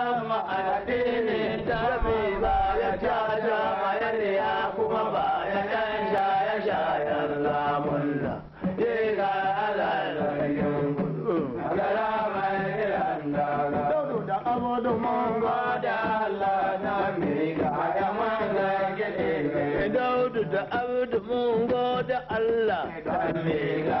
samu addini tabi ba ya caja ma ya kuma ba ya ya shaye shayen lamunna alalayin gara mai da abudu mun da Allah na mi ga da da da Allah na mi ga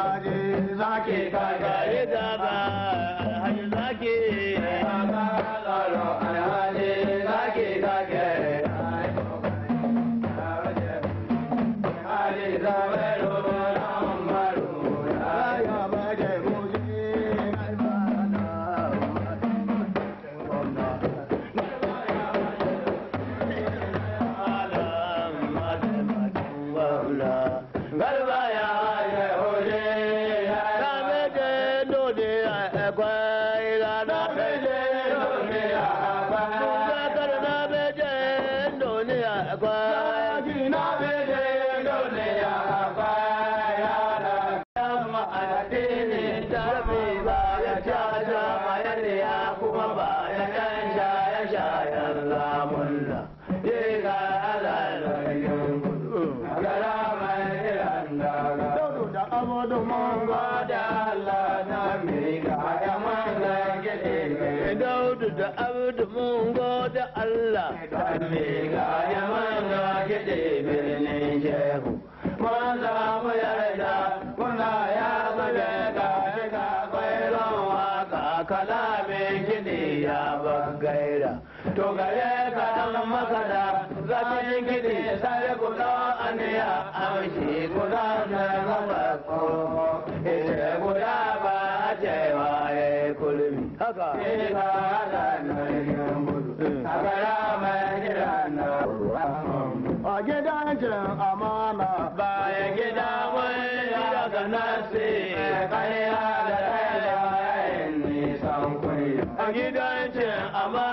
हरे राखे का da abdu mun gode Allah. Kami ga ya manga kiɗe birnin shehu. Mun samu yarda kuna ya zube ka shiga kwairon waka kalamin kiɗi ya bangaira. To gare ka dan makada zamin kiɗi sai da aniya amshi da na gaba ko. Ita guda ba a cewa ya haka a gidan jin amana bayan gida wani daga nasi kariya da ɗaya nisan kwaya a gidan jin amana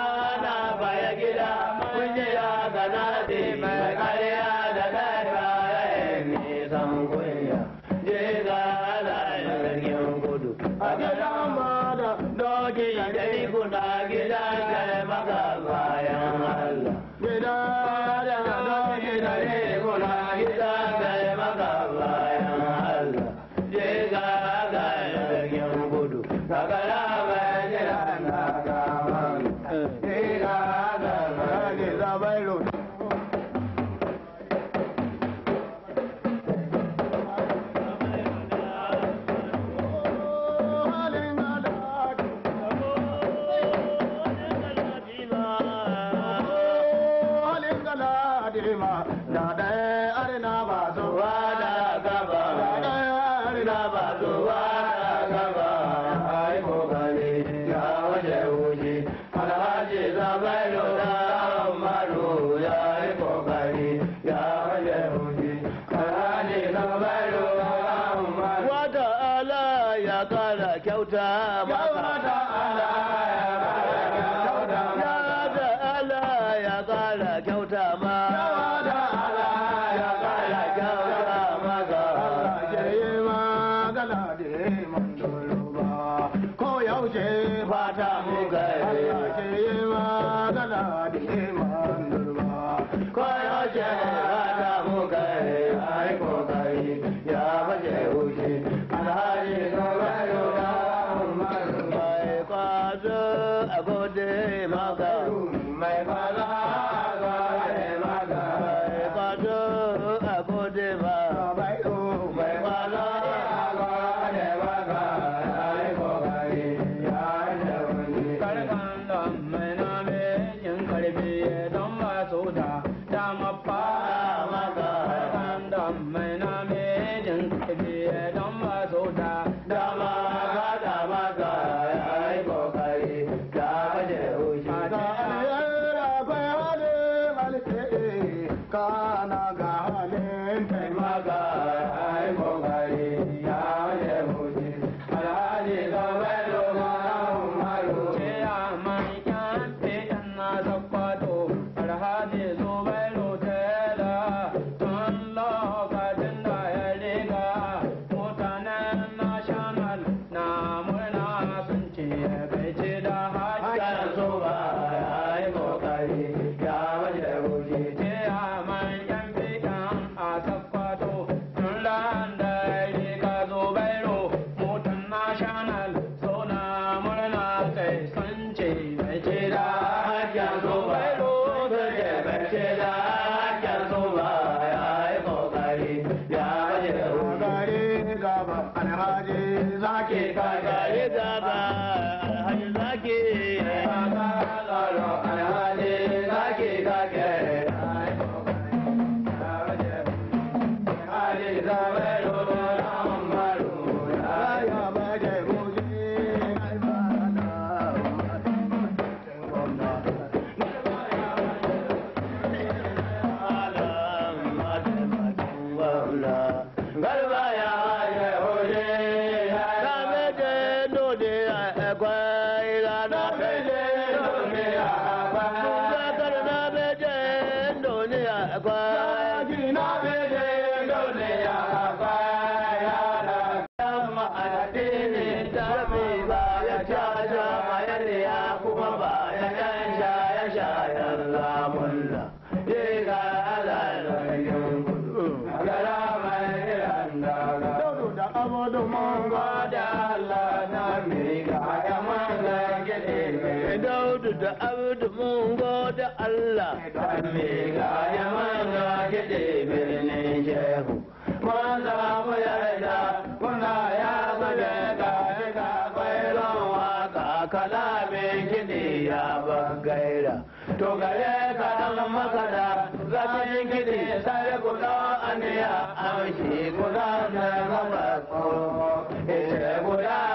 Maga. agora. daudu da abdu mun da Allah me ga ya manga gide birnin shehu ma za mu yarda muna ya bada ga ga bailon waka kalamin gide ya bagaira to gare ka dan makara zamin gide sai guda aniya amshi guda na gaba ko ite guda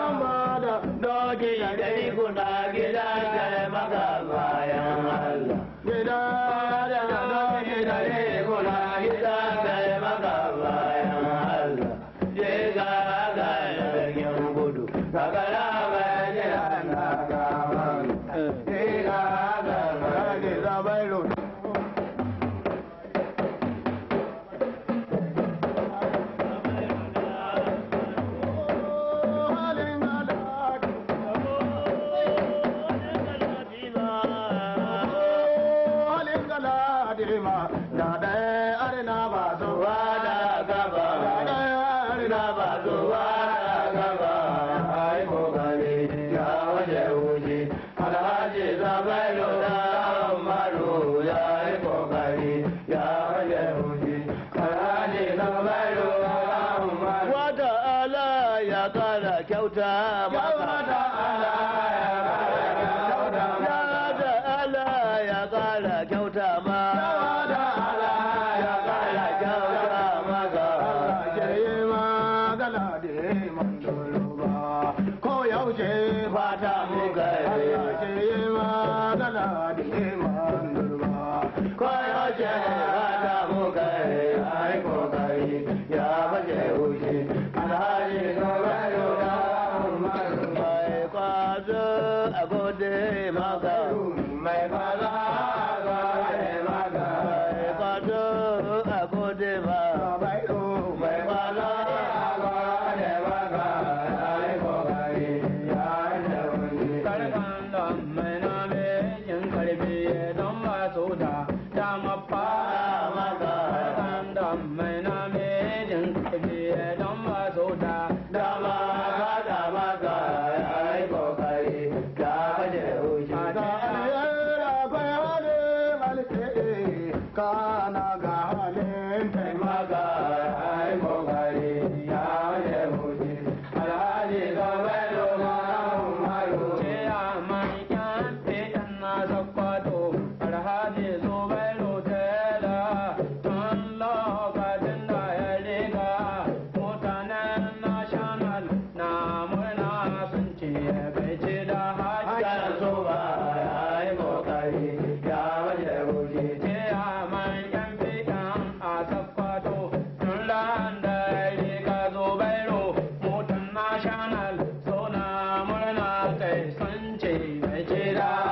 doki na dari kuna gida ಜಯ ನಮೋ चैन्चे बच्चे